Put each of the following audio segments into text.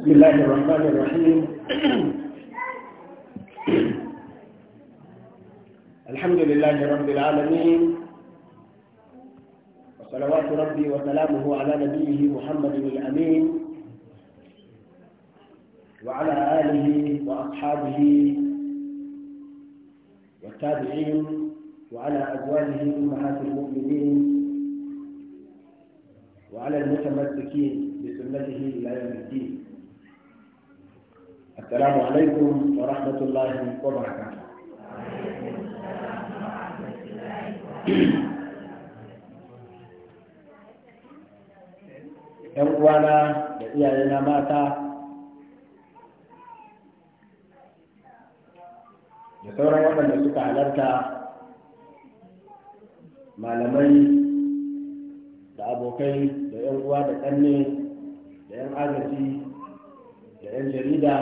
بسم الله الرحمن الرحيم الحمد لله رب العالمين وصلوات ربي وسلامه على نبيه محمد الأمين وعلى آله وأصحابه والتابعين وعلى أزواجه أمهات المؤمنين وعلى المتمسكين بسنته إلى يوم الدين السلام عليكم ورحمة الله وبركاته ‘Yan uwana da iyayena mata da sauran waɗanda suka halarta malamai da abokai da ‘yan uwa da ƙanne da ‘yan agaji da ‘yan jarida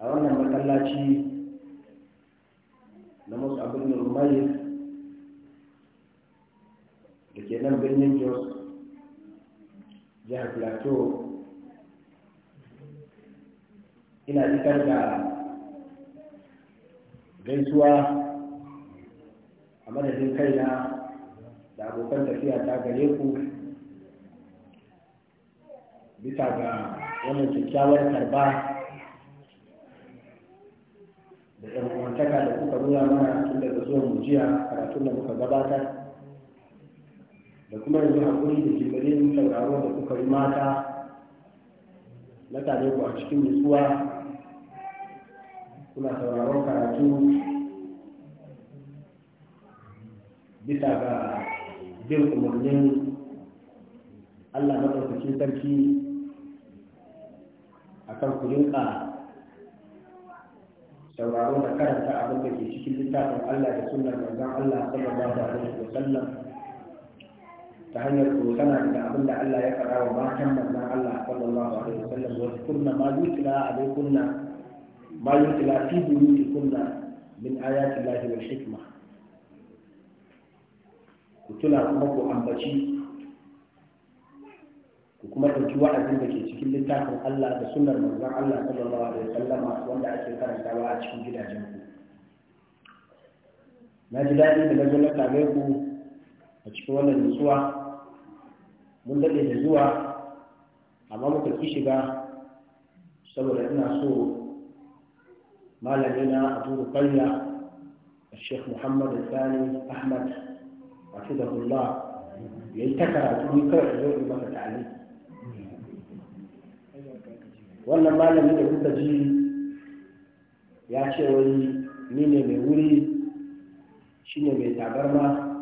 a wannan matsalaci na musu abin nurmai da ke nan birnin jos jihar plateau ina isar da gaisuwa a madadin kaina da abokan tafiya ta gare ku bisa ga wannan kyakkyawar karba koya mana tun daga mu jiya karatun da muka gabatar da kuma yanzu hakuri da jibirin sauraro da kuka yi mata na tare ku a cikin nutsuwa kuna sauraron karatu bisa ga bin umarnin allah maɗaukakin sarki a kan ku rinka sauraro da karanta abin da ke cikin littafin Allah da sunnar manzon Allah sallallahu alaihi wa sallam ta hanyar tsokana da abin da Allah ya faɗa wa matan manzon Allah sallallahu alaihi wa sallam wasu kunna ma yutila alaikunna ma yutila fi buyutikunna min ayati Allah wal hikma ku tuna kuma ku ambaci kuma ɗauki wa'azin da ke cikin littafin Allah da sunnar manzon Allah sallallahu alaihi wasallama wanda ake karantawa a cikin gidajen ku na ji daɗi da na zo na same ku a cikin wannan nutsuwa mun daɗe da zuwa amma muka ki shiga saboda ina so malamina abu rukayya الشيخ محمد الثاني أحمد حفظه الله يلتكى a zo in maka تعليم wannan malami da kuka ji ya ce wani ni ne mai wuri shi ne mai tabarma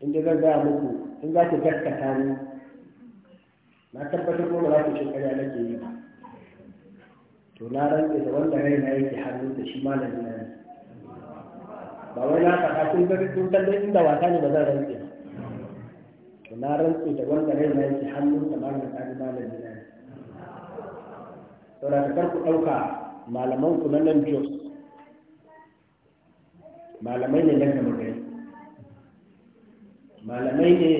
inda zan gaya muku in za ki gaskata ni na tabbatar kuma za ki cin ƙarya nake yi ba to na rantse da wanda rai na yake hannu da shi malami na ne ba wai na faɗa kun ga kun kalle inda wata ne ba zan rantse to na rantse da wanda rai na yake hannu da malami na malami na saboda ta karku ku ɗauka malaman ku na nan jos malamai ne nan da gari malamai ne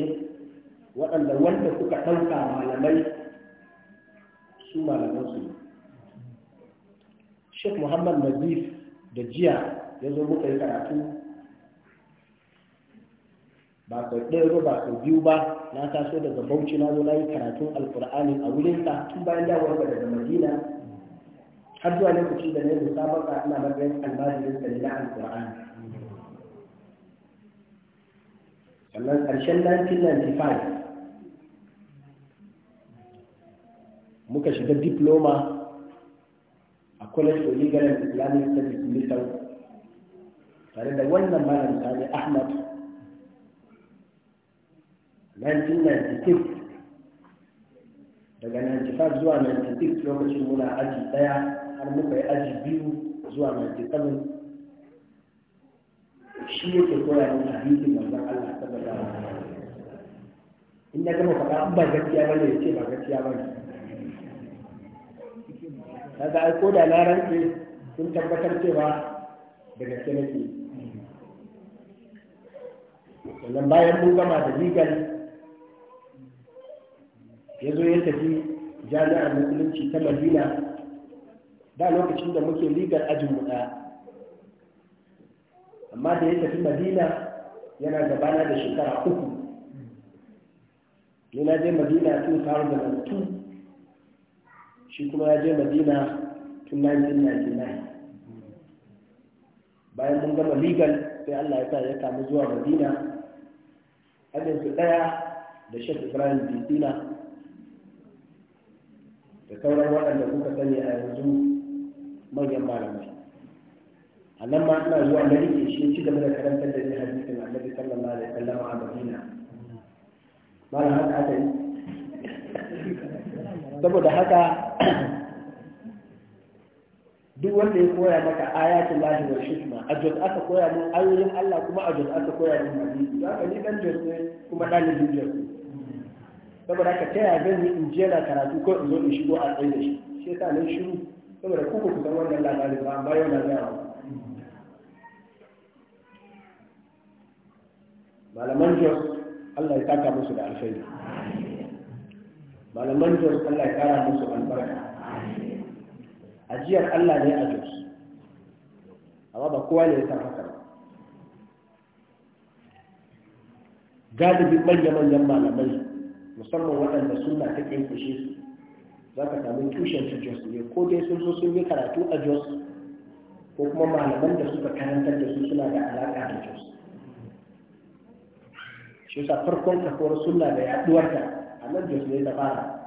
waɗanda wanda kuka ɗauka malamai su malaman su ne Sheikh Muhammad Nazif da jiya ya zo muka yi karatu ba sau ɗaya ba ba sau biyu ba na taso daga bauchi na zo na yi karatun alkur'ani a wurin sa tun bayan dawowar da daga madina har zuwa lokacin da na yi sabaka ina matsayin almajirin da na alkur'ani sannan ƙarshen 1995 muka shiga diploma a college of legal and islamic studies tare da wannan malam sani ahmad 1996 daga 95 zuwa 96 lokacin muna aji daya har muka yi aji biyu zuwa 97 shi yake koya min hadisi manzon Allah sallallahu da wasallam in na gama faɗa ba gaskiya ba ya ce ba gaskiya bane kaga ai ko da na rantse sun tabbatar cewa da gaske nake sannan bayan mun gama da legal ya zo ya tafi jami'ar musulunci ta madina da lokacin da muke ligar ajin mu amma da ya tafi madina yana gabana da shekara uku yana na je madina tun faru da mantu shi kuma ya je madina tun 1999 bayan mun gama legal sai allah ya sa ya kamu zuwa madina ajinsu ɗaya da shek ibrahim bisina da sauran waɗanda kuka sani a yanzu manyan malamai a nan ma ina zuwa na rike shi ci gaba da karantar da ni hadisin annabi sallallahu alaihi wasallam a madina malam haka aka yi saboda haka duk wanda ya koya maka ayatul lahi shi hikma a jos aka koya mun ayoyin Allah kuma a jos aka koya mun hadisi haka ni dan jos ne kuma dalibin jos ne saboda haka ta yaya zan yi in je na karatu ko in zo in shigo a tsaye da shi shi yasa nan shiru saboda ku ku san wannan labarin ba amma yau na gaya ba. malaman jos Allah ya saka musu da alkhairi malaman jos Allah ya kara musu albarka ajiyar Allah ne a jos amma ba kowa ne ya san haka galibin manya-manyan malamai musamman waɗanda sunna ta ƙyanƙyashe su za ka samu tushen su jos ne ko dai sun zo sun yi karatu a jos ko kuma malaman da suka karantar da su suna da alaƙa da jos shi sa farkon kafuwar suna da yaɗuwarta a nan jos ne ta fara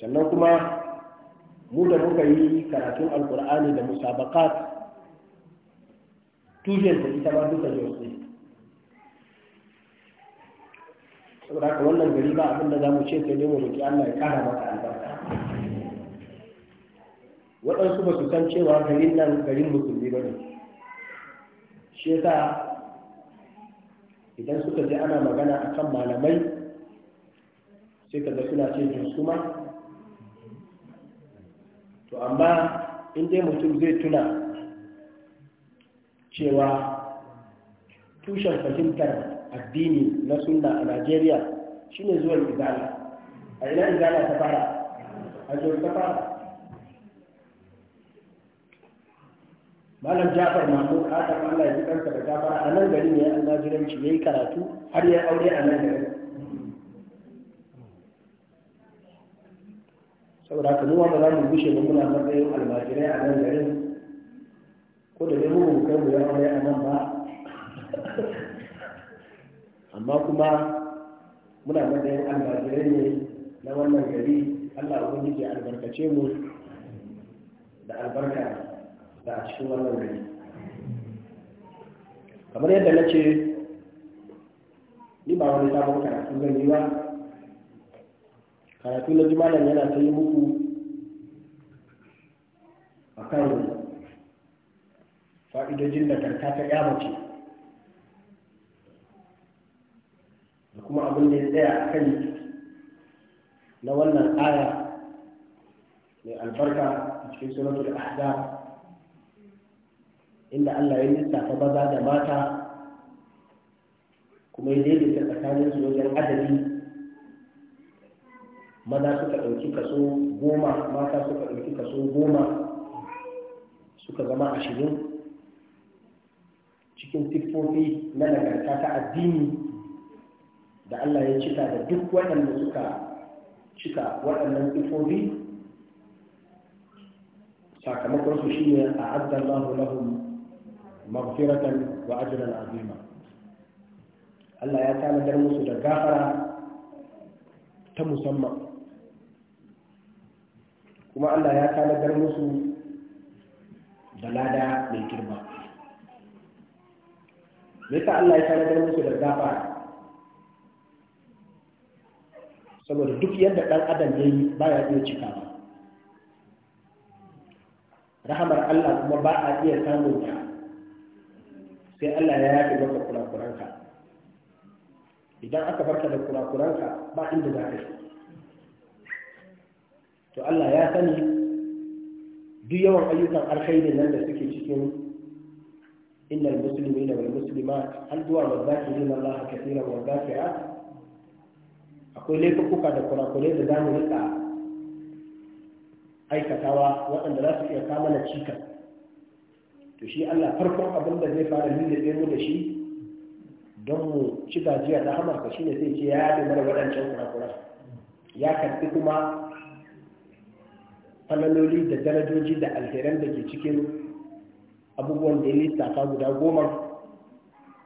sannan kuma mu da muka yi karatun Alƙur'ani da musabakat tushen da ita ma duka jos ne saboda haka wannan gari ba abin da za mu ce sai dai mu roki Allah ya kara maka albarka waɗansu ba su san cewa garin nan garin musulmi ba ne shi yasa idan suka je ana magana a kan malamai sai ka ga suna ce jinsuma to amma in dai mutum zai tuna cewa tushen fahimtar addini na sunna a najeriya shine zuwa izala a ina izala ta fara a zuwa ta fara malam jafar Mamu, adam allah ya ji kansa da gafara a nan gari ne an najiranci ya yi karatu har ya aure a nan gari saboda haka mu wanda za mu gushe mu muna matsayin almajirai a nan garin ko da dai mu kai mu ya aure a nan ba amma kuma muna matsayin albajirai ne na wannan gari allah ubangiji albarkace mu da albarka da a cikin wannan gari kamar yadda na ce ni ba wani sabon karatu zan yi ba karatu na jimalan yana ta yi muku a kan fa'idojin da karka ta mace da kuma abin da ya tsaya a kan na wannan aya mai albarka a cikin suratul ahzab inda Allah ya lissafa maza da mata kuma ya daidaita tsakanin su wajen adadi maza suka ɗauki kaso goma mata suka ɗauki kaso goma suka zama ashirin cikin siffofi na nagarta ta addini da Allah ya cika da duk waɗanda suka cika waɗannan ifobi sakamakon su shi ne a azzallahu lahum mafiratan wa ajiyar azima Allah ya tanadar musu da gafara ta musamman kuma Allah ya tanadar musu da lada mai girma me yasa Allah ya tanadar musu da gafara saboda duk yadda ɗan adam ya yi baya iya cika ba rahamar Allah kuma ba a iya samun ta sai Allah ya yafe maka kurakuranka idan aka farka da kurakuranka ba inda za ka yi to Allah ya sani duk yawan ayyukan alkhairi nan da suke cikin innal muslimina wal muslimat an zuwa wa zakirin Allah kaseeran wa zakirat akwai laifuka da kurakurai da za mu rika aikatawa waɗanda za su iya kama na cika to shi Allah farkon abin da zai fara lullube mu da shi don mu ci gajiya ta hamarka shi ne sai ce ya yaɗe mana waɗancan kurakura ya karɓi kuma falaloli da darajoji da alheran da ke cikin abubuwan da ya yi tafa guda goma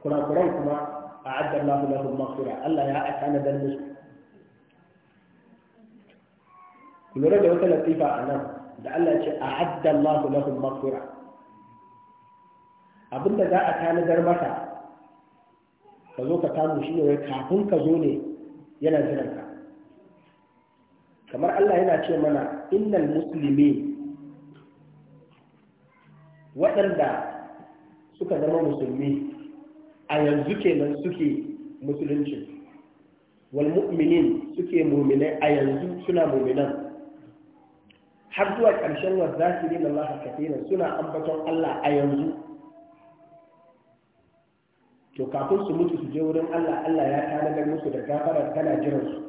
kurakuran kuma a addan Allah lahum mafura Allah ya aka nadar musu ku lura da wata latifa a nan da Allah ce a hadda Allah lahum maghfira abinda za a tanadar maka ka zo ka samu shi ne wai kafin ka zo ne yana jiran ka kamar Allah yana ce mana innal muslimi waɗanda suka zama musulmi a yanzu kenan suke musulunci wal mu'minin suke muminai a yanzu suna muminan har zuwa ƙarshen wa zakirin Allah kafiran suna ambaton Allah a yanzu to kafin su mutu su je wurin Allah Allah ya tanadar musu da gafarar tana jiran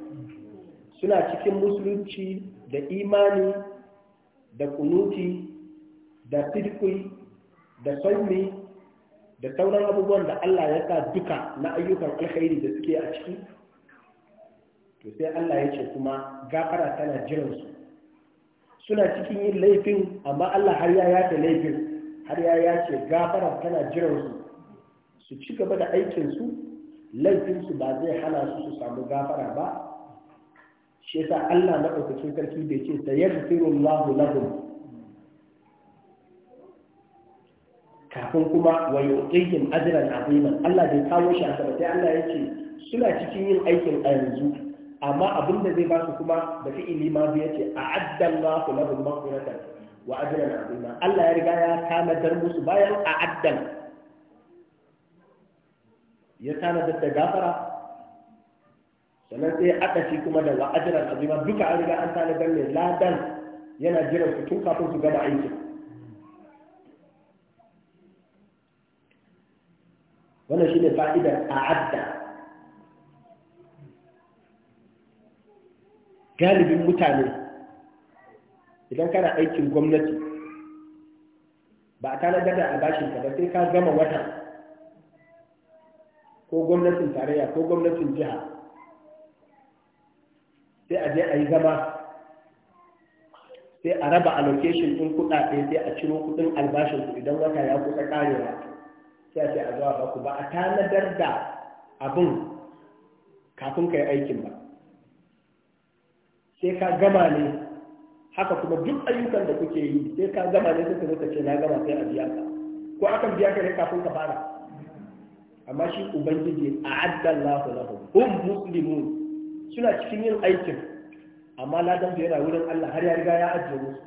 suna cikin musulunci da imani da kunuti da sidqi da salmi da sauran abubuwan da Allah ya sa duka na ayyukan alkhairi da suke a ciki to sai Allah ya ce kuma gafara tana jiransu suna cikin yin laifin amma Allah har ya yace laifin har ya yace gafara tana jiran su su ci gaba da aikin su laifin su ba zai hana su su samu gafara ba shi yasa Allah cikin sarki bai ce ta Allahu lahum kafin kuma wa yu'tihim ajran azima Allah bai kawo shi a sai Allah ya ce suna cikin yin aikin a yanzu amma abin da zai ba su kuma da fi'ili ma zai ce a addallahu na maghfiratan wa na azima Allah ya riga ya tanadar musu bayan a addan ya tanadar da gafara sannan sai aka shi kuma da wa na azima duka an riga an tanadar ne ladan yana jiran su tun kafin su gama aikin wannan shine fa'idar a'adda galibin mutane idan kana aikin gwamnati ba a tanadar da albashinka ba sai ka gama wata ko gwamnatin tarayya ko gwamnatin jiha sai a je a yi zama sai a raba allocation ɗin kuɗaɗe sai a ciro kuɗin albashin idan wata ya kusa ƙarewa sai a ce a zuwa ba ku ba a tanadar da abin kafin ka yi aikin ba sai ka gama ne haka kuma duk ayyukan da kuke yi sai ka gama ne sai ka ce na gama sai a biya ka ko akan biya ka ne kafin ka fara amma shi ubangiji a addallahu lahu. hum muslimun suna cikin yin aikin amma ladan da yana wurin Allah har ya riga ya ajiye musu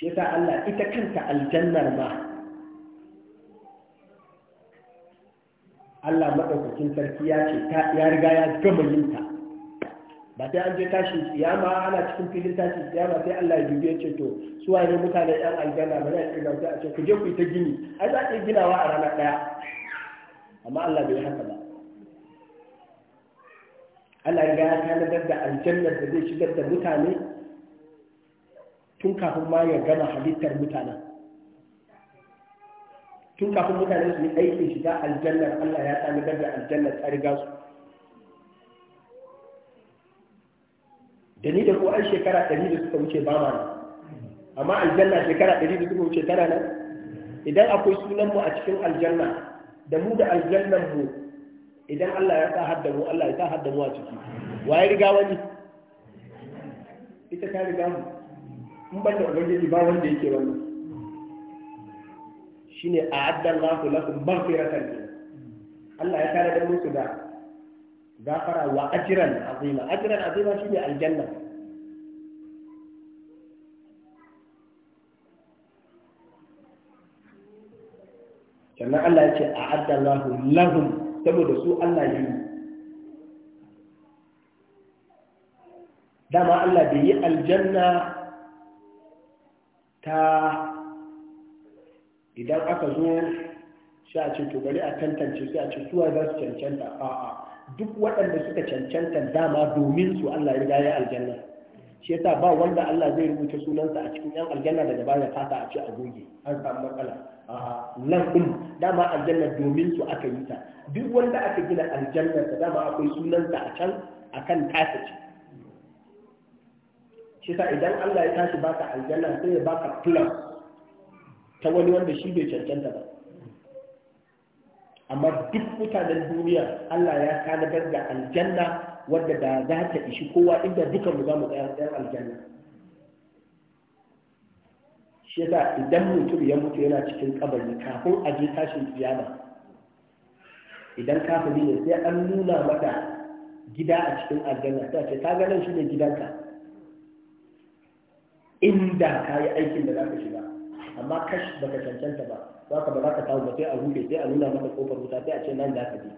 shi yasa Allah ita kanta aljannar ma Allah madaukakin sarki ya ce ya riga ya gama yin ta ba sai an je tashin tsiyama ana cikin filin tashin tsiyama sai Allah ya dubi ce to su waye mutane yan aljanna ba zai kirga sai a ce ku je ku yi ta gini ai za a ginawa a rana daya amma Allah bai haka ba Allah ya ta tanadar da aljannar da zai shigar da mutane tun kafin ma ya gama halittar mutanen tun kafin mutane su yi aikin shiga aljannar Allah ya tsani da aljannar ta riga su da ni da ko an shekara ɗari da suka wuce ba ma amma aljanna shekara ɗari da suka wuce tana nan idan akwai sunan mu a cikin aljanna da mu da aljannan mu idan Allah ya sa haddamu, Allah ya sa haddamu a ciki wa ya riga wani ita ta riga mu in ban da ubangiji ba wanda yake wani shine a'adda Allahu lakum maghfiratan Allah ya tare da musu da gafara wa ajiran azima ajiran azima ne aljanna sannan Allah ya ce a addallahu lahum saboda su Allah yi dama Allah bai yi aljanna ta idan aka zo sai a ce to bari a tantance sai a ce suwa za su cancanta a'a duk waɗanda suka cancanta dama domin su Allah ya gaya aljanna shi yasa ba wanda Allah zai rubuta sunansa a cikin yan aljanna daga baya fata a ce a goge an samu matsala nan din dama aljanna domin su aka yi ta duk wanda aka gina aljanna da dama akwai sunansa a can akan tasa ce shi yasa idan Allah ya tashi baka aljanna sai ya baka plus ta wani wanda shi bai cancanta ba amma duk mutanen duniya Allah ya tanadar da aljanna wadda da za ta ishi kowa inda dukan mu za mu tsaya tsayar aljanna shi yasa idan mutum ya mutu yana cikin kabari kafin a je tashin tsiyama idan kafin ne sai an nuna mata gida a cikin aljanna ta ce ta ganin shi ne gidanka inda ka yi aikin da za ka shiga amma kash baka cancanta ba za ka ba za ka tawo ba sai a rufe sai a nuna maka kofar wuta sai a ce nan za ka je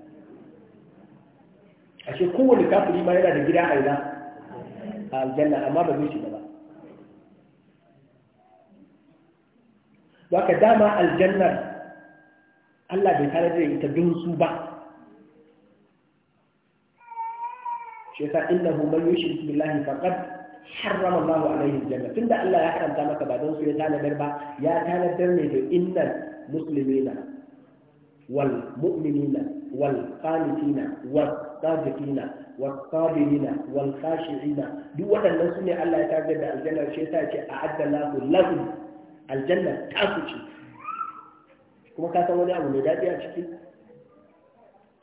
ashe kowane kafiri ma yana da gida a yana a aljanna amma ba zai shiga ba za ka dama aljannar Allah bai tare da ita don su ba shi yasa innahu man yushrik billahi faqad harrama Allahu alaihi aljanna tunda Allah ya haramta maka ba don su ya tanadar ba ya tanadar ne da innal muslimina wal mu'minina wal qanitina wal sadiqina wal khashi'ina duk waɗannan su ne Allah ya tagar da aljanna shi yasa ce a addala lahum aljanna ta su ce kuma ka san wani abu mai dadi a ciki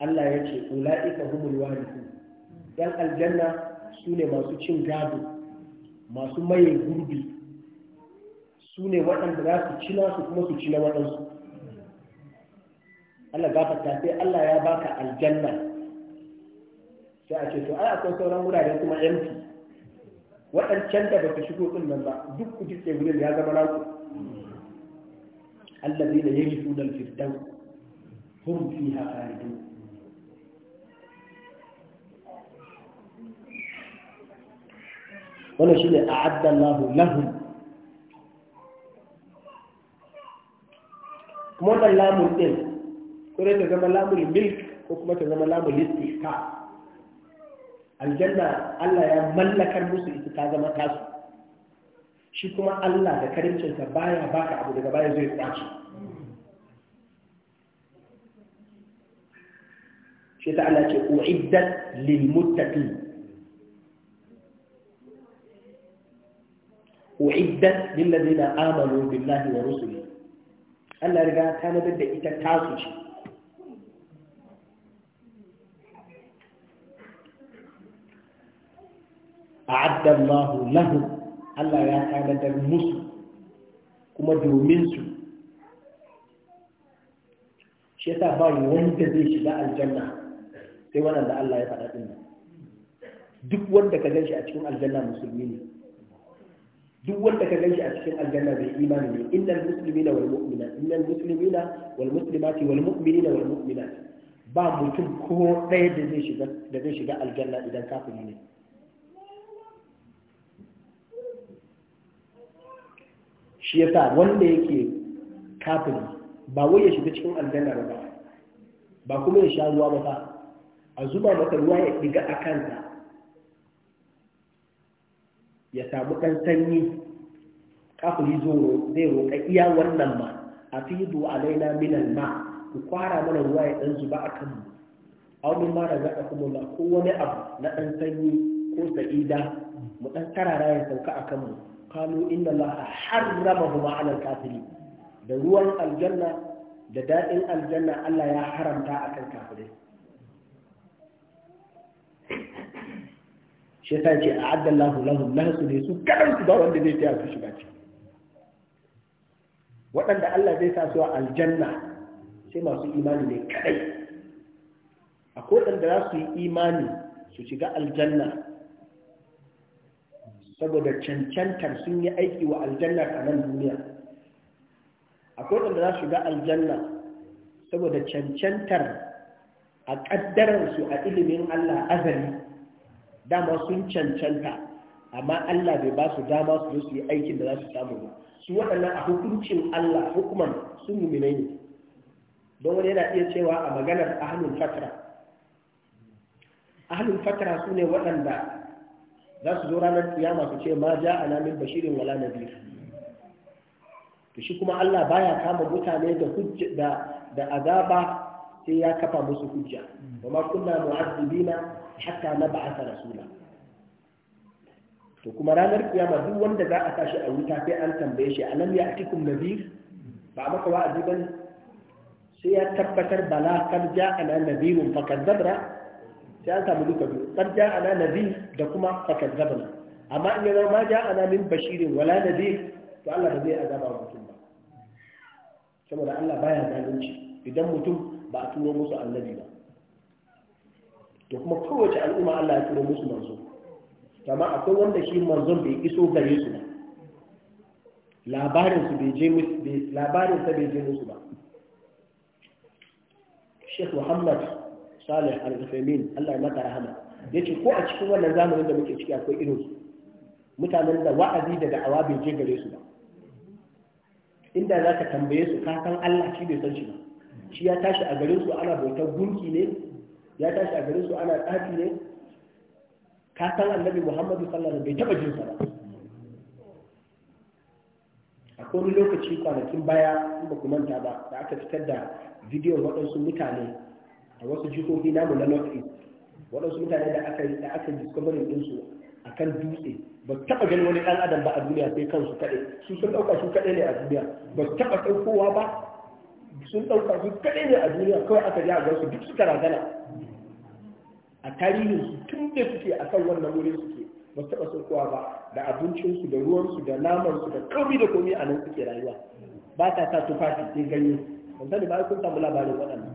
Allah ya ce ula'ika humul warithu dan aljanna su ne masu cin gado masu maye gurbi su ne waɗanda za su cina su kuma su cina waɗansu Allah gafarta sai Allah ya baka aljanna sai a ce to ai akwai sauran wuraren kuma yanki waɗancan da baka shigo ɗin nan ba duk ku jike wurin ya zama naku da yarithuna sunan firdaus hum fiha khalidun wannan shine a Allahu lahun kuma wannan lamun ɗin, ko ta zama lamun milk ko kuma ta zama lamun istihka aljanna Allah ya mallakar musu ita ta zama tasu shi kuma Allah da karimcinsa baya baka abu daga baya zai kwaci shi ta Allah ce uiddat lil muttaqin uiddat lil Amadu amanu billahi wa rusulihi Allah riga ta nadar da ita tasu ce a'adda Allah lahu Allah ya tanadar musu kuma domin su shi yasa ba wanda zai shiga aljanna sai wannan da Allah ya faɗa din duk wanda ka gan shi a cikin aljanna musulmi ne duk wanda ka ganshi a cikin aljanna bai imani ne innal muslimina wal mu'mina innal muslimina wal muslimati wal mu'minina wal mu'minat ba mutum ko ɗaya da zai shiga da zai shiga aljanna idan kafiri ne shi yasa wanda yake kafiri ba wai ya shiga cikin aljanna ba ba kuma ya sha ruwa ba a zuba maka ruwa ya diga a kansa ya samu ɗan sanyi kafin zoro zai roƙa iya wannan ma a fido alaina minan ma ku kwara mana ruwa ya ɗan zuba a kanmu aunin ma da zaɗa kuma na ko wani abu na ɗan sanyi ko sa'ida mu ɗan tarara ya sauka a kanmu kano inna Allah harrama huma alal kafiri da ruwan aljanna da daɗin aljanna Allah ya haramta akan kafirai shi yasa ce a adda lahu lahum nasu ne su kadan su ba wanda zai taya su shiga ciki waɗanda Allah zai sa su a aljanna sai masu imani ne kadai akwai waɗanda za su yi imani su shiga aljanna saboda cancantar sun yi aiki wa aljanna a nan duniya akwai waɗanda za su shiga aljanna saboda cancantar a ƙaddararsu a ilimin Allah azali dama sun cancanta amma Allah bai ba su dama su su yi aikin da za su samu ba su waɗannan a hukuncin Allah hukuman sun muminai ne don wani yana iya cewa a maganar ahlul fatra ahlul fatra su ne waɗanda za su zo ranar kiyama masu ce ma ja ana min bashirin wala nadir to shi kuma Allah baya kama mutane da da azaba sai ya kafa musu hujja wa ma kunna mu'azzibina hatta nab'atha rasula to kuma ranar kiyama duk wanda za a tashi a wuta sai an tambaye shi alam ya atikum nadir ba maka wa'azi bane sai ya tabbatar bala kar ja'ana nadirun fakazzabra sai an samu duka biyu kar ja'ana nadir da kuma fakazzabna amma in yana ma ja'ana min bashirin wala nadir to Allah ba zai azaba mutum ba saboda Allah baya zalunci idan mutum ba a turo musu annabi ba to kuma kowace al'umma Allah ya turo musu manzo amma akwai wanda shi manzon bai iso gare su ba labarin su bai je musu labarin sa bai je musu ba Sheikh Muhammad Salih Al-Uthaymeen Allah ya maka rahama yace ko a cikin wannan zamanin da muke ciki akwai irin su mutanen da wa'azi da da'awa bai je gare su ba inda za ka tambaye su ka san Allah shi bai san shi ba shi ya tashi a garin su ana bautar gunki ne ya tashi a garin su ana tsafi ne ka san annabi muhammadu sallallahu alaihi bai taba jin sa ba akwai lokaci kwanakin baya in ba ku manta ba da aka fitar da bidiyon waɗansu mutane a wasu jihohi mu na north east waɗansu mutane da aka yi da aka discovering ɗinsu a kan dutse ba taɓa ganin wani ɗan adam ba a duniya sai kansu kaɗai su sun ɗauka su kaɗai ne a duniya ba taɓa ɗaukowa ba sun ɗauka su kaɗai ne a duniya kawai aka ji a gansu duk suka ragana. a su tun da suke a kan wannan wurin suke ba su taɓa saukowa ba da abincinsu da ruwansu da namansu da komi da komi a nan suke rayuwa ba ta sa tufafi sai ganye ban sani ba kun samu labarin waɗannan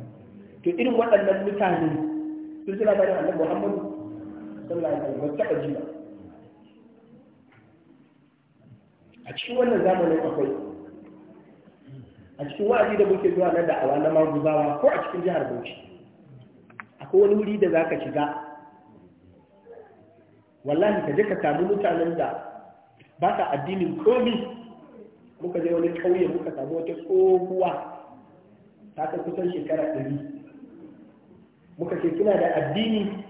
to irin waɗannan mutane sun ji labarin annan muhammadu sallallahu alaihi wasallam ba taɓa ji ba a cikin wannan zamanin akwai a cikin wa'azi da muke zuwa na da'awa na maguzawa ko a cikin jihar bauchi akwai wani wuri da zaka shiga wallahi ka je ka samu mutanen da ba ka addinin komi muka je wani kauye muka samu wata tsohuwa ta ka kusan shekara ɗari muka ce kina da addini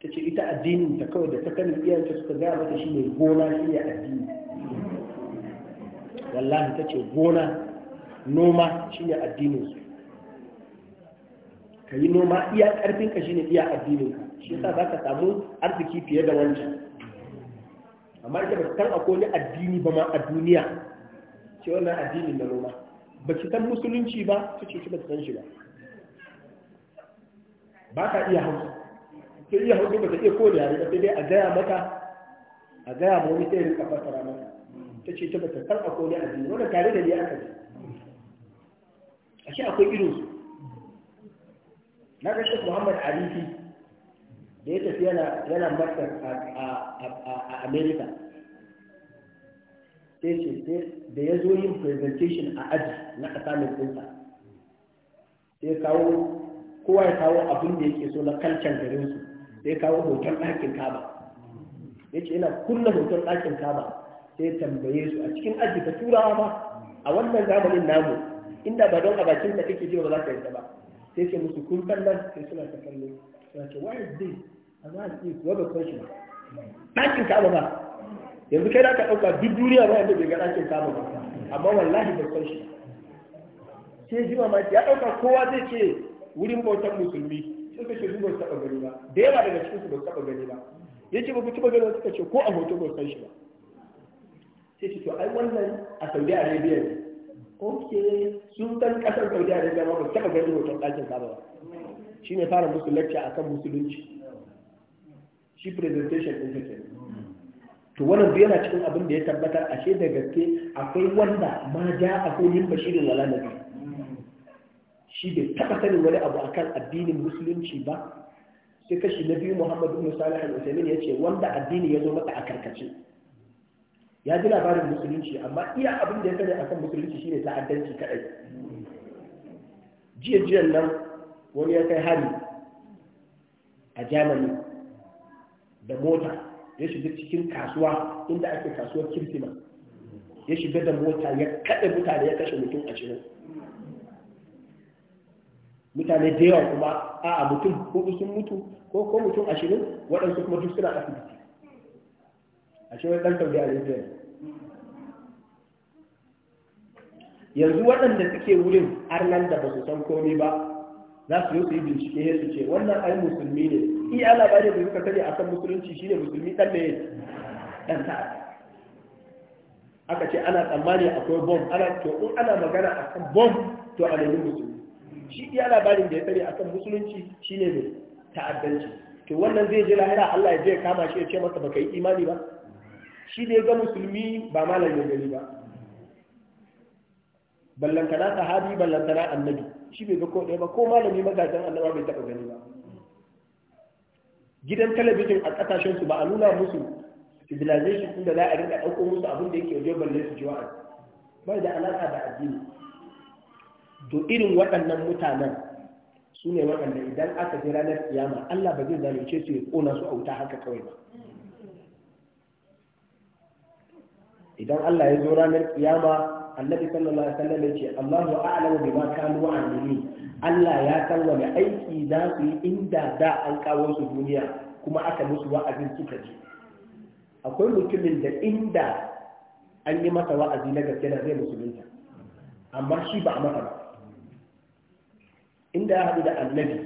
ta ce ita addinin ta kawai da ta kanin iyanta suka gaya mata shi ne gona shi ne addini wallahi ta ce gona noma shine addinin su ka yi noma iya ƙarfinka shine iya addinin ka shi yasa za ka samu arziki fiye da wancan amma ita ba san akwai wani addini ba ma a duniya ce wannan addinin na noma ba ki san musulunci ba ta ce ba ta san shi ba ba ka iya hausa ta iya hausa ba ta iya ko da yare ba sai dai a gaya maka a gaya ma wani sai rinka fasara maka ta ce ta kar a akwai a addini wanda tare da ni aka ce ce akwai irin su na ga shi Muhammad Arifi da ya tafi yana yana a America sai ce da ya zo yin presentation a aji na mai ɗinsa sai kawo kowa ya kawo abin da yake so na kalcan garinsu sai kawo hoton ɗakin kaba ya ce yana kunna hoton ɗakin kaba sai tambaye su a cikin aji ka turawa ba a wannan zamanin namu inda ba don a bakin da kake ji ba za ka yadda ba sai ce musu kun kallon sai suna ta kallo suna ce why is this amma da iya kuwa ba kwan shi ba ɗakin kama ba yanzu kai da ka ɗauka duk duniya ba yadda bai ga ɗakin kama ba amma wallahi bai kwan shi sai ji mamaki ya ɗauka kowa zai ce wurin bautan musulmi ka ce ba su taɓa gani ba da yawa daga cikin su ba su taɓa gani ba ya ce ba ku taɓa gani suka ce ko a hoto ba san shi ba sai ce ai wannan a saudi arabia ne ok sun san kasar saudi arabia ma ba su taɓa ganin hoton ɗakin kaba ba shi ne fara musu lecture akan musulunci shi presentation ɗin take to wannan duk yana cikin abin da ya tabbatar ashe da gaske akwai wanda ma ja a koyin bashirin wala nabi shi bai taɓa sanin wani abu akan addinin musulunci ba sai kashi na biyu muhammadu bin alaihi wasallam ya ce wanda addini ya zo mata a karkace ya ji labarin musulunci amma iya abin da ya sani akan musulunci shine ta'addanci kadai jiya jiyan nan wani ya kai hari a jamani da mota ya shiga cikin kasuwa inda ake kasuwar kirtima ya shiga da mota ya kada mutane ya kashe mutum ashirin mutane da yawa kuma a mutum ko sun mutu ko ko mutum ashirin waɗansu kuma duk suna asibiti a wai wani ɗan saudi a ne yanzu waɗanda suke wurin arnan da ba su san komi ba za su yi su yi bincike ya su ce wannan ai musulmi ne iya labari da suka sani a kan musulunci shine musulmi ɗan ne ɗan ta'adda aka ce ana tsammani akwai bom ana to in ana magana a kan bom to a nemi musulmi shi iya labarin da ya sani a kan musulunci shine ne ta'addanci to wannan zai je lahira Allah ya je kama shi ya ce masa baka yi imani ba shi ne ga musulmi ba malam ya gani ba ballantana sahabi ballantana annabi shi bai ga ko ɗaya ba ko malami magajin annaba bai taɓa gani ba gidan talabijin a ƙasashen su ba a nuna musu civilization da za a rinka ɗauko musu abin da yake wajen balle su jiwa ba da alaƙa da addini to irin waɗannan mutanen su ne waɗanda idan aka je ranar kiyama Allah ba zai zalunce su ya ƙona su a wuta haka kawai ba idan Allah ya zo ranar kiyama annabi sallallahu alaihi wasallam yace Allahu a'lamu bima kanu amilin Allah ya san wani aiki za su yi inda da an kawo su duniya kuma aka musu wa'azin suka ji akwai mutumin da inda an yi masa wa'azi na gaske da zai musulunta amma shi ba a masa ba inda ya haɗu da annabi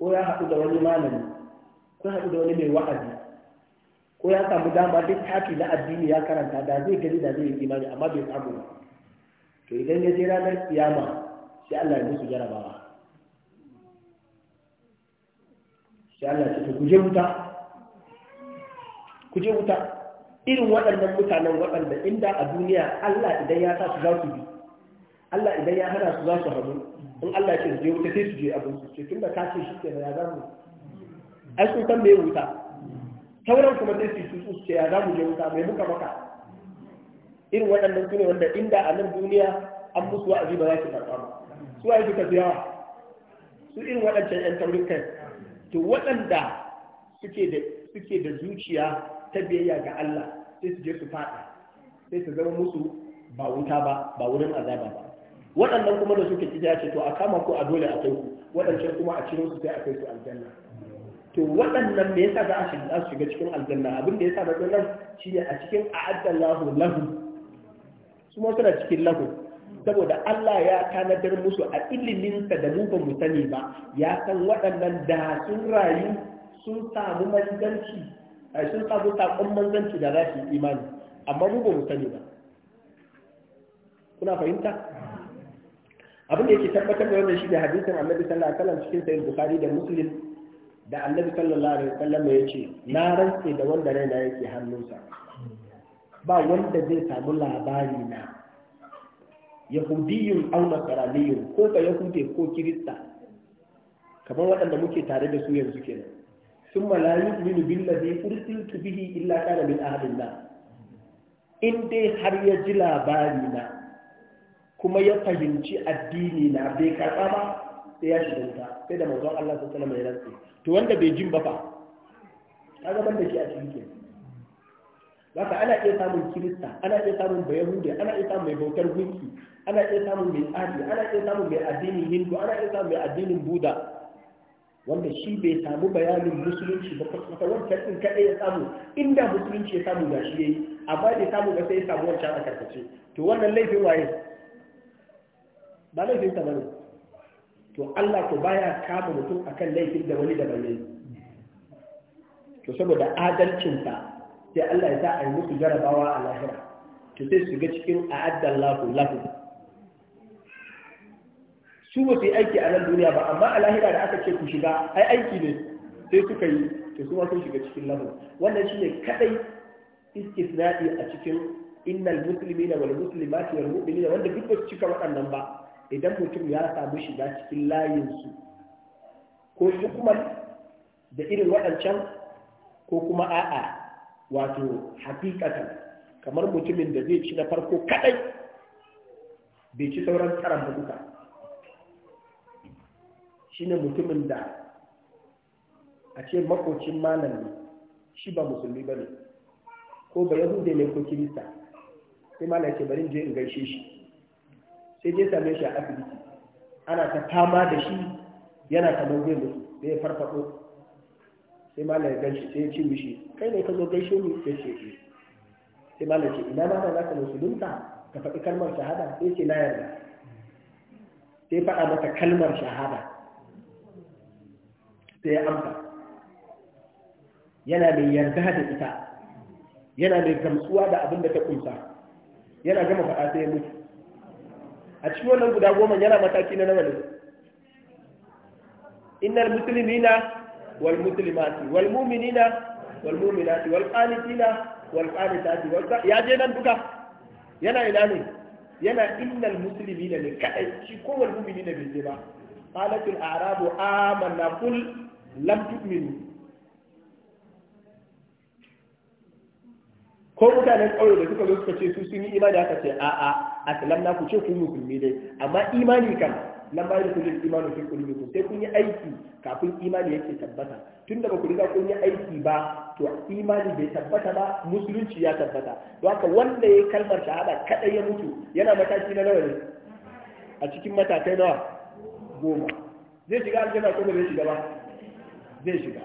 ko ya haɗu da wani malami ko ya haɗu da wani mai wa'azi ko ya samu dama littafi na addini ya karanta da zai gani da zai yi imani amma bai samu ba to idan ya je ranar kiyama sai Allah ya musu jarabawa sai Allah ya ce ku je wuta ku je wuta irin waɗannan mutanen waɗanda inda a duniya Allah idan ya sa su za su bi Allah idan ya hana su za su hannu in Allah ce su je wuta sai su je abin su ce da ka ce shi ke ya zama. ai sun san me wuta sauran kuma sai su su ce ya zamu je wuta mai muka maka irin waɗannan su ne wanda inda a nan duniya an musu wa'azi ba za su karɓa ba su waye suka fi yawa su irin waɗancan 'yan taurin kai to waɗanda suke da suke da zuciya ta biyayya ga Allah sai su je su faɗa sai su zama musu ba wuta ba ba wurin azaba ba waɗannan kuma da suke kija ce to a kama ko a dole a kai ku waɗancan kuma a cire su sai a kai su aljanna to waɗannan me yasa za a shiga su shiga cikin aljanna abin da yasa daga nan shine a cikin a'adda lahu lahu su ma suna cikin lahu saboda Allah ya tanadar musu a iliminsa da mu ba mu sani ba ya san waɗannan da sun rayu sun samu manzanci sun samu sakon manzanci da za su yi imani amma mu ba mu sani ba kuna fahimta abin da yake tabbatar da wannan shi ne hadisin annabi sallallahu alaihi wasallam cikin sahih bukhari da muslim da annabi sallallahu alaihi wasallam ya ce na rantse da wanda raina yake hannunsa ba wanda zai samu labari na yahudiyun aw nasaraniyun ko ka yahude ko kirista kamar waɗanda muke tare da su yanzu kenan sun malayu yu'minu billahi ursiltu bihi illa kana min in dai har ya ji labari na kuma ya fahimci addini na bai karɓa ba sai ya shiga wuta sai da mazan Allah sallallahu alaihi mai ya to wanda bai jin ba fa kaga da shi a cikin ba ka ana iya samun Kirista, ana iya samun Bayahude, ana iya samun mai bautar gunki, ana iya samun mai tsari ana iya samun mai addinin Hindu, ana iya samun mai addinin Buda. Wanda shi bai samu bayanin musulunci ba kwata wancan ɗin kaɗai ya samu, inda musulunci ya samu gashi ya yi, amma bai samu ba sai ya samu wancan a karkace. To wannan laifin waye? Ba laifin sa bane. to Allah to baya kama mutum akan laifin da wani da bai to saboda adalcin adalcinsa sai Allah ya sa a yi musu jarabawa a lahira to sai su ga cikin addan lahu lahu su ba su yi aiki a nan duniya ba amma a lahira da aka ce ku shiga ai aiki ne sai suka yi to su ma sun shiga cikin lahu wannan shine kadai istisna'i a cikin innal muslimina wal muslimati wal mu'minina wanda duk ba su cika waɗannan ba idan mutum ya samu shiga cikin layinsu ko hukumar da irin waɗancan ko kuma a'a wato hakikatan kamar mutumin da zai ci na farko kaɗai, bai ci sauran tsaron ba duka shine mutumin da a ce makocin malam ne shi ba musulmi ba ne ko ba yahude ne ko kirista sai malam ya ce bari je in gaishe shi sai dai same shi a asibiti ana ta fama da shi yana kamar zai mutu sai ya farfaɗo sai ma ya ganshi sai ya ci mishi kai ne ka zo gaishe mu sai ce eh sai malam ce ina ma za ka musulunta ka faɗi kalmar shahada sai ce na yarda sai faɗa mata kalmar shahada sai ya amsa yana mai yarda da ita yana mai gamsuwa da abin da ta kunsa yana gama faɗa sai ya mutu a cikin wannan guda goma yana mataki na nawa ne innal muslimina wal muslimati wal mu'minina wal mu'minati wal qanitina wal qanitati wal ya je nan duka yana ina ne yana innal muslimina ne kai shi ko wal mu'minina bai je ba qalatul a'rabu amanna qul lam tu'minu ko mutanen kauye da suka zo suka ce su sun yi imani aka ce a'a na ku ce ku musulmi dai amma imani kan nan ba yadkhul al iman fi qulubikum sai kun yi aiki kafin imani yake tabbata tunda ba ku riga kun yi aiki ba to imani bai tabbata ba musulunci ya tabbata don haka wanda ya kalmar shahada kada ya mutu yana mataki na nawa ne a cikin matakai nawa goma zai shiga aljanna ko ba shiga ba zai shiga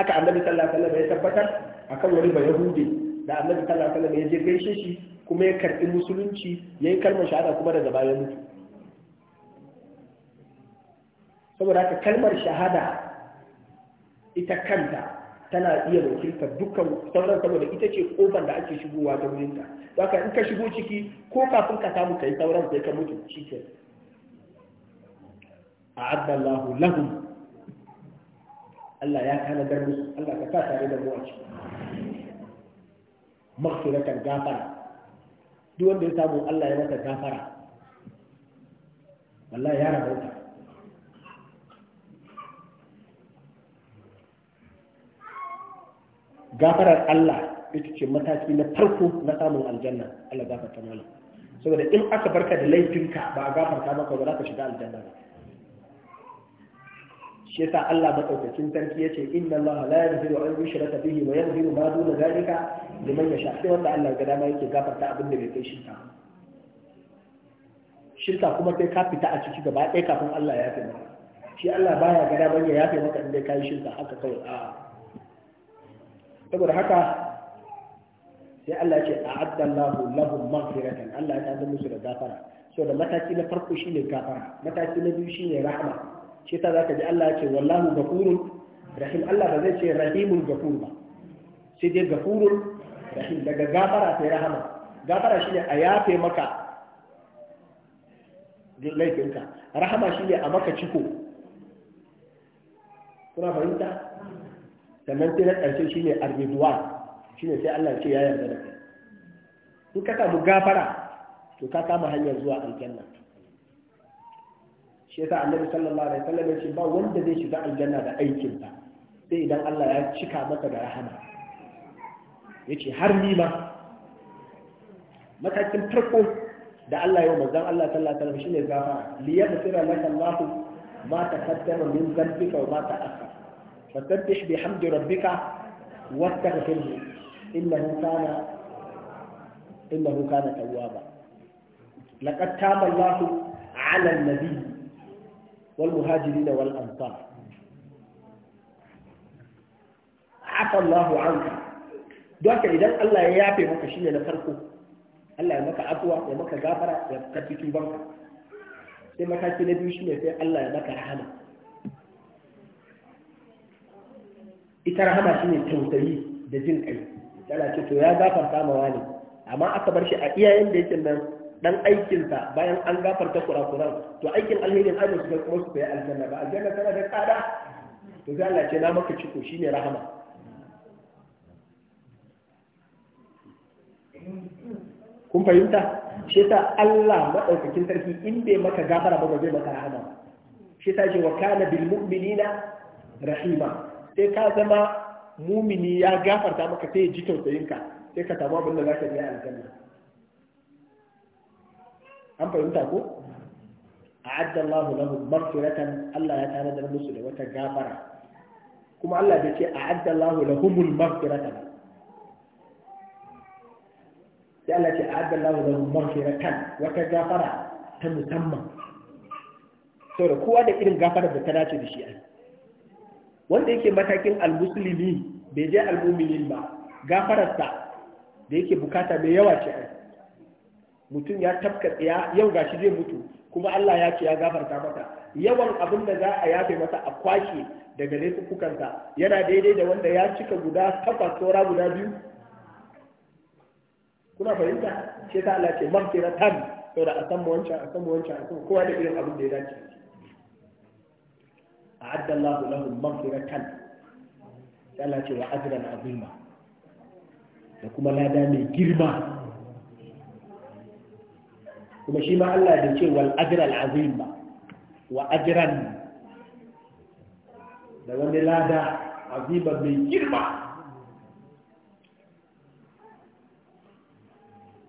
haka annabi sallallahu alaihi wasallam ya tabbatar akan wani bayahudi da annabi sallallahu alaihi wasallam ya je gaishe shi kuma ya karbi musulunci yi kalmar shahada kuma daga baya mutu saboda haka kalmar shahada ita kanta tana iya wakilta dukkan sauran saboda ita ce kofar da ake shigowa ta wurin ta haka in ka shigo ciki ko kafin ka samu kai sauran sai ka mutu shike a'adda Allahu lahum Allah ya tanadar musu Allah ka sa tare da mu a ciki maghfiratan gafara duk wanda ya samu Allah ya masa gafara wallahi ya ta gafarar Allah ita ce mataki na farko na samun aljanna Allah gafarta mana saboda in aka barka da laifinka ba a gafarta maka ba za ka shiga aljanna ba shi yasa Allah madaukakin sarki yace inna Allah la yaghfiru an yushraka bihi wa yaghfiru ma duna zalika liman yasha sai wanda Allah ga dama yake gafarta abin da bai kai shirka shirka kuma sai ka fita a ciki gaba ɗaya kafin Allah ya yafe maka shi Allah baya ga dama ya yafe maka inda kai shirka haka kai a saboda haka sai Allah ya ce a'adda Allahu lahum maghfiratan Allah ya ta musu da gafara so da mataki na farko shine gafara mataki na biyu shine rahama shi za ka ji Allah ya ce wallahu gafurun rahim Allah ba zai ce rahimul gafur ba sai dai gafurun rahim daga gafara sai rahama gafara shine a yafe maka laifinka rahama shine a maka ciko kuna fahimta sannan sai na ƙarshe shine shi shine sai Allah ce ya yarda da kai in ka samu gafara to ka kama hanyar zuwa aljanna shi yasa annabi sallallahu alaihi wasallam ya ce ba wanda zai shiga aljanna da aikin aikinsa sai idan Allah ya cika masa da rahama yace har ni ma matakin farko da Allah ya manzon Allah sallallahu alaihi wasallam shine gafara li yaghfira laka Allah ma taqaddama min dhanbika wa ma ta'akhkhara fasabbih bihamdi rabbika wastaghfirhu innahu kana innahu kana tawwaba laqad taba Allah ala an-nabiy wal muhajirin wal ansar afa Allahu anka don haka idan Allah ya yafe maka shine na farko Allah ya maka afuwa ya maka gafara ya karfi tubanka sai mataki na biyu shine sai Allah ya maka rahama ita rahama shine tausayi da jin kai tana ce to ya gafarta ma wani amma aka bar shi a iyayen da yake nan dan sa bayan an gafarta kurakuran to aikin alherin ajin su kuma su kai aljanna ba aljanna tana da tsada to sai Allah ce na maka ciko shine rahama kun fahimta shi ta Allah madaukakin sarki in bai maka gafara ba zai maka rahama shi ta ce wa kana bil mu'minina rahima sai ka zama mumini ya gafarta maka sai ya ji tausayinka sai ka tabo abin da zaka yi aljanna an fahimta ko a'adda Allah lahu mafiratan Allah ya tare da musu da wata gafara kuma Allah ya ce a'adda Allah lahu mafiratan sai Allah ce a'adda Allah lahu mafiratan wata gafara ta musamman saboda kowa da irin gafara da ta dace da shi wanda yake matakin almuslimi bai je almuminin ba gafararsa da yake bukata mai yawa ce ai mutum ya tafka tsaya yau gashi zai mutu kuma Allah ya ce ya gafarta mata. yawan abin da za a yafe masa a kwashe daga laifukansa yana daidai da wanda ya cika guda takwas saura guda biyu kuna fahimta ce ta Allah ce maghfiratan saboda a san wancan a san wancan a san kowa da irin abin da ya dace a'adda Allahu lahum tan. sai Allah ce wa ajran azima da kuma lada mai girma kuma shi ma Allah da ce wal ajr al azim ba wa ajran da wani lada aziba mai girma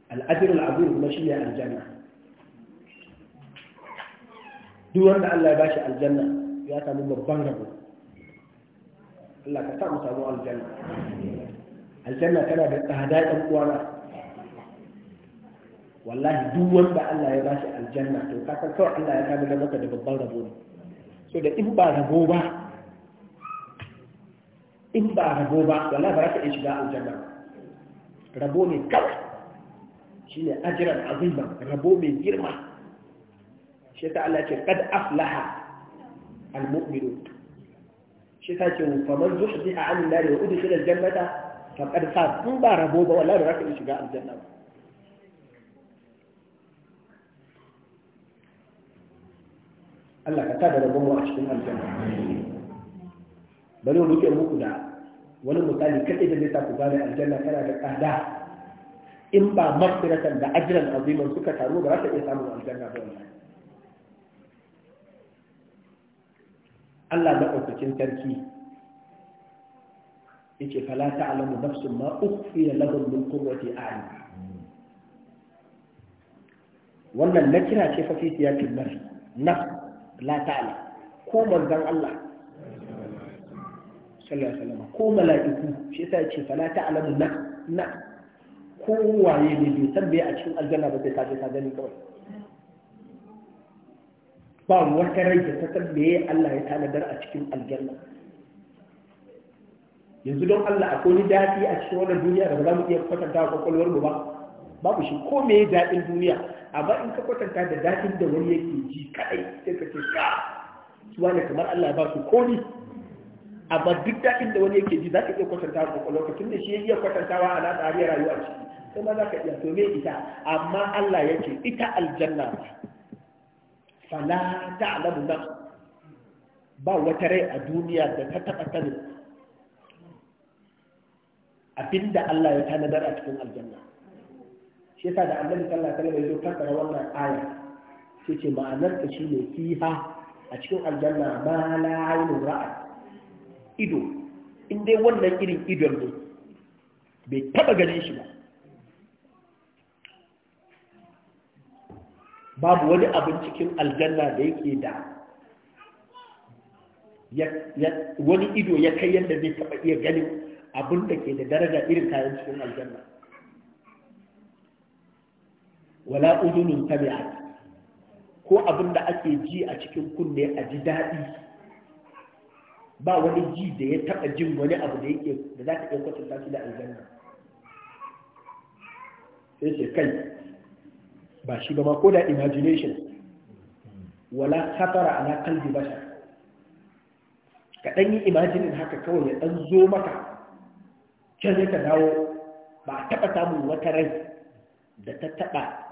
al ajr al azim kuma shi ne aljanna duk wanda Allah ya bashi aljanna ya samu babban rabo Allah ka samu samu aljanna aljanna tana da tsada ɗan uwana wallahi duk wanda Allah ya bashi aljanna to ka san kawai Allah ya kawo maka da babban rabo ne so da in ba rabo ba in ba rabo ba wallahi ba za ka iya shiga aljanna rabo ne kawai shine ajran azima rabo mai girma shi ta Allah ce kad aflaha almu'minun shi ta ce faman zuhziha 'anil nari wa udkhila aljannata faqad faz in ba rabo ba wallahi ba za ka iya shiga aljanna ba Allah ka tada rabon mu a cikin aljanna bari mu rike muku da wani misali kaɗai da zai sa ku gane aljanna tana da tsada in ba mafiratan da ajiran aziman suka taru ba za ta iya samun aljanna ba wallahi Allah maɗaukakin sarki yake fala ta'lamu nafsun ma ukhfiya lahum min qurrati a'yun wannan na kira ce fa fi siyakin nafs la ta'ala ko manzon Allah sallallahu alaihi wasallam ko mala'iku shi yasa ce fala ta'lamu na na ko waye ne bai san bai a cikin aljanna ba sai ka je ka gani kawai ba wata rai ta san bai Allah ya tanadar a cikin aljanna yanzu don Allah akwai ni dadi a cikin wannan duniya da ba za mu iya kwatanta kwakwalwar mu ba babu shi ko me daɗin duniya amma in ka kwatanta da daɗin da wani yake ji kaɗai sai ka ce ka suwa ne kamar Allah ba su koli amma duk daɗin da wani yake ji za ka iya kwatanta da lokacin da shi ya iya kwatantawa a na tsariyar rayuwa ciki sai ma za ka iya to me ita amma Allah ya ce ita aljanna ba fala ta'lamu nafs ba wata rai a duniya da ta taɓa sanin abinda Allah ya tanadar a cikin aljanna shi yasa da annabi sallallahu alaihi wasallam ya zo wannan aya sai ce ma'anar ta shine fiha a cikin aljanna ma la ainu ra'a ido in dai wannan irin idon ne bai taba ganin shi ba babu wani abin cikin aljanna da yake da wani ido ya kai yadda zai taba iya ganin abin da ke da daraja irin kayan cikin aljanna wala udunun sami'at ko abin da ake ji a cikin kunne a ji daɗi ba wani ji da ya taɓa jin wani abu da yake da za ka iya kwatanta shi da aljanna sai ce kai ba shi ba ma ko da imagination wala khatara ala kalbi bashar ka ɗan yi imajinin haka kawai ya ɗan zo maka can ka dawo ba a taɓa samun wata rai da ta taɓa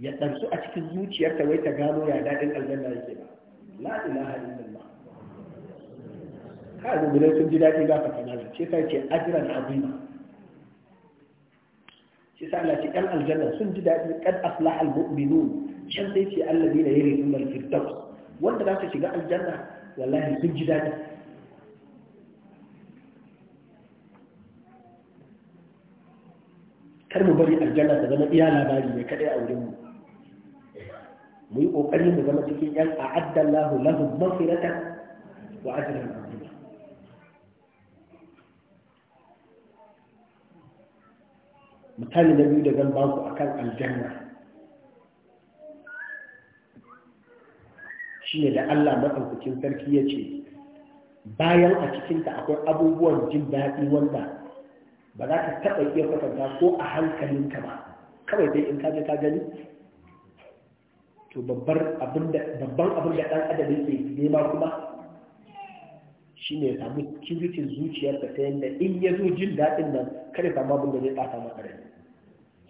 ya ɗansu a cikin zuciyarta wai ta gano ya daɗin aljanna yake ba la ilaha illallah ka zubirai sun ji daɗi za ka fana da ce sai ce ajiran azima shi sa Allah ce ɗan aljanna sun ji daɗi kad aflah almu'minun can sai ce alladina yarithuna alfirdaus wanda za su shiga aljanna wallahi sun ji daɗi kar mu bari aljanna ta zama iya labari ne kadai a wurin mu mu yi ƙoƙari mu zama cikin yan a'adda lahu lahu mafirata wa ajiyar azima Mutane na biyu da zan ba ku a kan aljanna Shi ne da Allah madaukakin sarki ya ce bayan a cikinta akwai abubuwan jin daɗi wanda ba za ka taɓa iya kwatanta ko a hankalinka ba kawai dai in ka je ka gani to babbar abinda da babban abin da dan adam yake nema kuma shine ya samu zuciyar ka ta yadda in ya zo jin daɗin nan kada samu abin da zai ɓata maka rai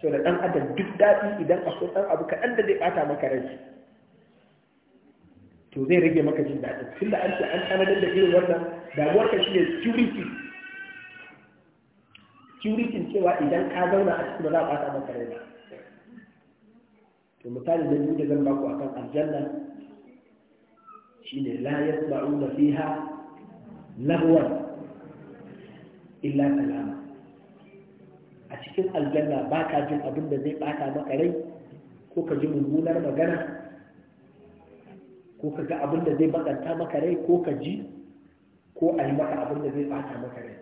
so da ɗan adam duk daɗi idan akwai ɗan abu kaɗan da zai ɓata maka rai to zai rage maka jin daɗin tunda an ce an tanadar da irin wannan damuwar ka shine security security cewa idan ka zauna a cikin ba za a ɓata maka rai ba to misali da biyu da zan baku akan aljanna shine la yasma'una fiha lahwa illa kalam a cikin aljanna ba ka jin abin da zai bata maka rai ko ka ji mummunar magana ko ka ga abin da zai bakanta maka rai ko ka ji ko a yi maka abin da zai bata maka rai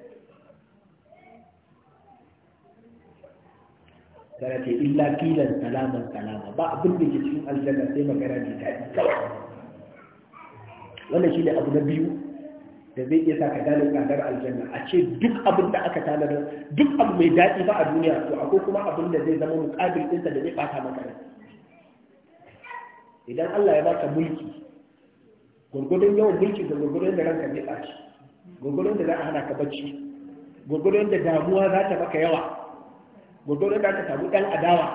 tana ce illa filan salaman salama ba abin da ke cikin aljanna sai magana mai daɗi kawai wannan shi ne abu na biyu da zai iya sa ka gane tsadar aljanna a ce duk abin da aka tanadar duk abu mai daɗi ba a duniya to akwai kuma abin da zai zama muƙabil ɗinsa da zai ɓata maka idan Allah ya baka mulki gurgurun yawan mulki da gurgurun da ranka zai ɓaci gurgurun da za a hana ka bacci gurgurun da damuwa za ta maka yawa gwargwado da aka samu ɗan adawa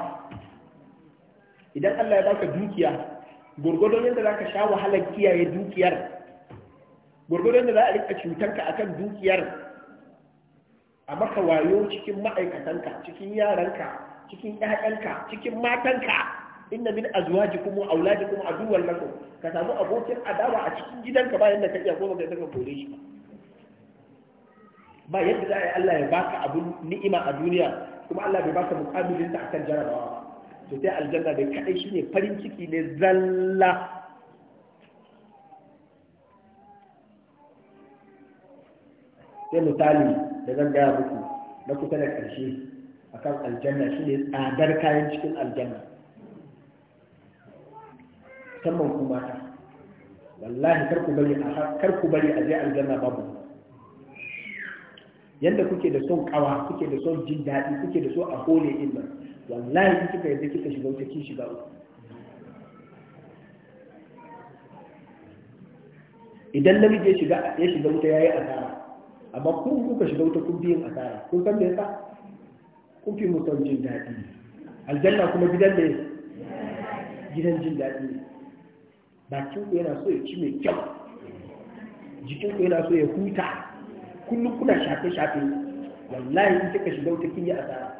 idan Allah ya baka dukiya gwargwadon yadda za ka sha wahalar kiyaye dukiyar gwargwadon yadda za a rika cutarka akan dukiyar a maka wayo cikin ma'aikatanka cikin yaranka cikin ƴaƴanka cikin matanka inna min azwajikum wa auladikum aduwwan lakum ka samu abokin adawa a cikin gidanka bayan da ka iya ko ga daga kore shi ba yadda za a yi Allah ya baka abun ni'ima a duniya kuma Allah bai ba ka muƙabilin ta akan jarabawa ba to sai aljanna dai kadai shine farin ciki ne zalla sai misali da zan gaya muku na kusa da ƙarshe akan aljanna shine tsadar kayan cikin aljanna musamman kuma wallahi kar ku bari a kar ku bari a je aljanna babu yadda kuke da son kawa kuke da son jin daɗi kuke da so a hole in nan wallahi in kika yadda kika shiga wuta kin shiga wuta idan namiji ya shiga ya shiga wuta yayi asara amma kun kuka shiga wuta kun biyin asara kun san me yasa kun fi mutum jin daɗi aljanna kuma gidan da gidan jin daɗi ne bakin ku yana so ya ci mai kyau jikin ku yana so ya huta kullum kuna shafe-shafe wallahi in kika shiga wuta kin yi asara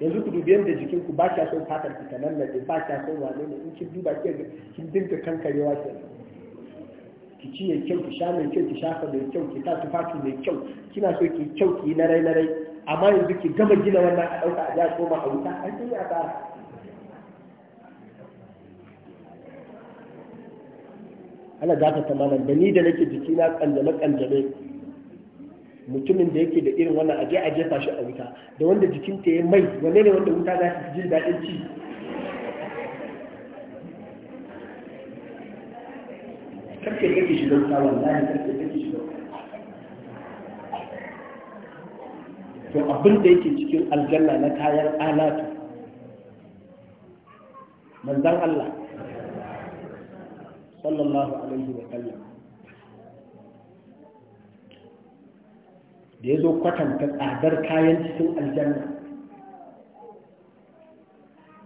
yanzu ku dubi yadda jikin ku ba kya son fatar ki kanan da ba kya son wane ne in kin duba ki ga kin dinka kankarewa ki ki ci mai kyau ki sha mai kyau ki shafa mai kyau ki ta tufafi mai kyau kina so ki kyau ki na rai na rai amma yanzu ki gama gina wannan a ɗauka a ja koma a wuta an kin yi asara ana za ka tamanan da ni da nake jikina kanjame kanjame mutumin da yake da irin wannan aje a jefa shi a wuta da wanda jikin ta ya mai wane ne wanda wuta za ta ji daɗin ci karfe kake shi don kawon lahi karfe kake shi don to abin da yake cikin aljanna na kayan alatu manzan Allah sallallahu alaihi wa sallam da ya zo kwatanta tsadar kayan cikin aljanna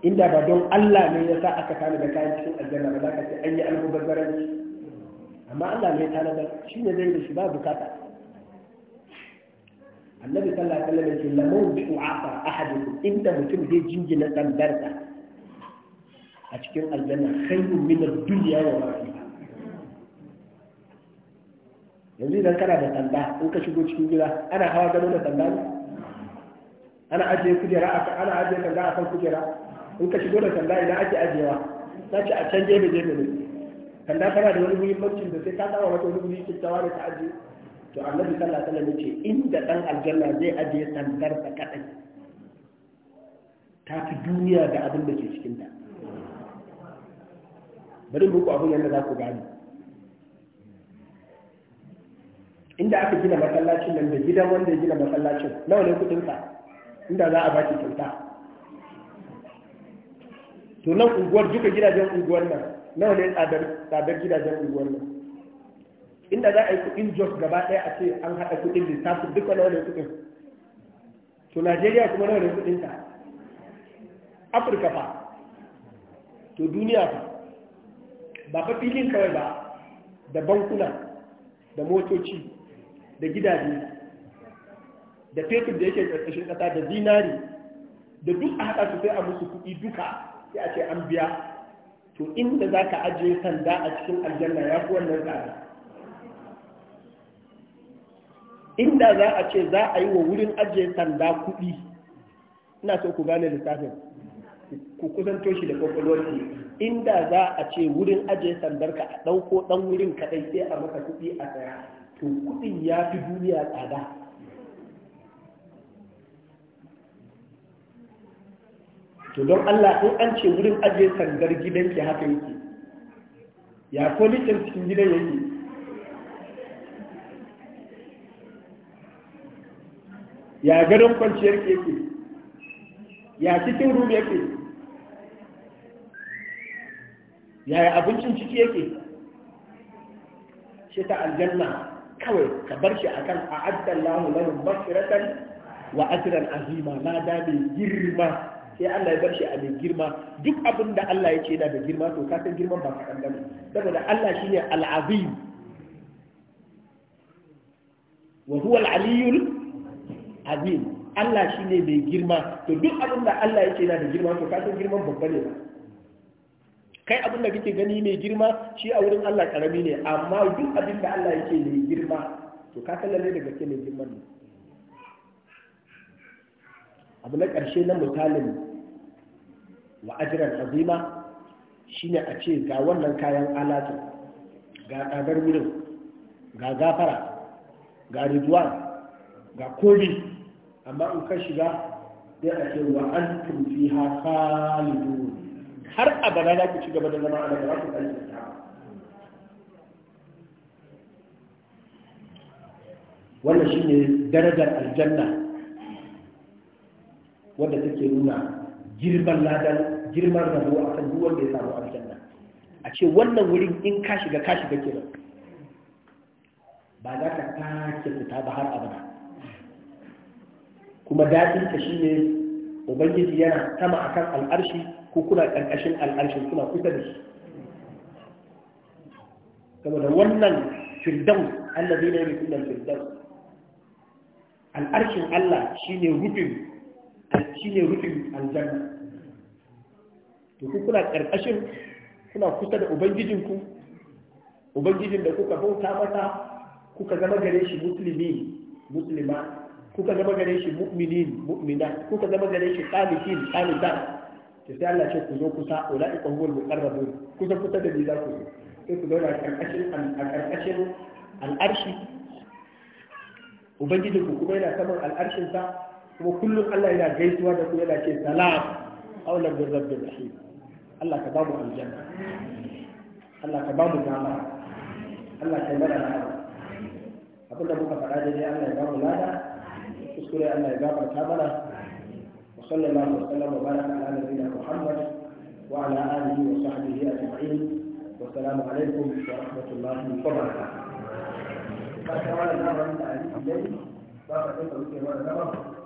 inda ba don Allah ne ya sa aka tana da kayan cikin aljanna ba za ka ce an yi almubazzaranci amma Allah ne ya tana da shi ne zai da shi ba bukata annabi sallallahu alaihi wasallam yake lamau bi u'afa ahadin inda mutum zai jingina tsandarta a cikin aljanna khayrun min ad-dunya wa ma fiha yanzu idan kana da sanda in ka shigo cikin gida ana hawa gado da sanda ne ana ajiye kujera a ana ajiye sanda a kan kujera in ka shigo da sanda idan ake ajiyewa ta ce a can gefe gefe ne sanda tana da wani muhimmancin da sai ka tsawa wata wani muhimmanci kyakkyawa da ta ajiye to annabi sallallahu alaihi wasallam yace inda dan aljanna zai ajiye sandar ta kadai ta fi duniya da abin da ke cikin ta bari muku abin yadda za ku gani inda aka gina masallacin nan da gidan wanda ya gina masallacin nawa ne kudin sa inda za a baki kyauta to nan unguwar duka gidajen unguwar nan nawa ne tsadar tsadar gidajen unguwar nan inda za a yi kudin jos gaba daya a ce an hada kudin lissafin duka nawa ne kudin to Najeriya kuma nawa ne kudin sa Afirka fa to duniya fa ba fa filin kawai ba da bankuna da motoci da gidaje da fetur da yake ƙarƙashin ƙasa da zinari da duk a haɗa su sai a musu kuɗi duka sai a ce an biya to inda za ka ajiye sanda a cikin aljanna ya fi wannan tsada inda za a ce za a yi wa wurin ajiye sanda kuɗi ina so ku gane lissafin ku kusanto shi da kwakwalwarki inda za a ce wurin ajiye sandar ka a ɗauko ɗan wurin kaɗai sai a maka kuɗi a saya to kuɗin ya fi duniya tsada to don Allah in an ce wurin ajiye sandar gidanki haka yake ya kwalitin cikin gidan yake ya gadon kwanciyar yake ya cikin rum yake ya abincin ciki yake shi ta aljanna kawai ka bar shi a kan a addan lahu lahum basiratan wa asirar azima na da mai girma sai Allah ya bar shi a mai girma duk abin da Allah ya ce da da girma to ka san girman ba kaɗan bane saboda Allah shi ne al'azim wa huwa al azim Allah ne mai girma to duk abin da Allah ya ce da da girma to ka san girman babba ne ba kai abin da kake gani mai girma shi a wurin Allah karami ne amma duk abin da Allah yake mai girma to ka san daga ke mai girman ne abu na ƙarshe na mutalin wa ajiran azima shine a ce ga wannan kayan alatu ga ƙagar wurin ga gafara ga ridwan ga kobi amma in ka shiga sai a ce wa an tumfi ha khalidun har abada za ku ci gaba da zama a nan ba ku tsare wannan shine darajar aljanna wadda take nuna girman ladan girman rabo a kan duk wanda ya samu aljanna a ce wannan wurin in ka shiga ka shiga kenan ba za ka sake fita ba har abada kuma dadin ka shine ubangiji yana sama akan al'arshi ko kuna ƙarƙashin al'arshin kuna kusa da shi saboda wannan firdaus Allah zai nemi sunan firdaus al'arshin Allah ne rufin ne rufin aljanna to ku kuna ƙarƙashin kuna kusa da ubangijinku ubangijin da kuka bauta masa kuka zama gare shi musulmi musulma kuka zama gare shi mu'minin mu'mina kuka zama gare shi talibin qanitan to sai Allah ce ku zo kusa ulaika huwal muqarrabun kusa kusa da za ku zo sai ku zauna a karkashin a karkashin al'arshi ubangiji ku kuma yana saman al'arshin sa kuma kullum Allah yana gaisuwa da ku yana ce salam aula bir rabbil rahim Allah ka bamu aljanna Allah ka bamu dama Allah ka mana rahama abinda muka faɗa dai Allah ya bamu lada kuskure Allah ya gafarta mana وصلى الله وسلم وبارك على نبينا محمد وعلى اله وصحبه اجمعين والسلام عليكم ورحمه الله وبركاته. ba ta wani zama da a yi ba ka ɗauka wuce wani zama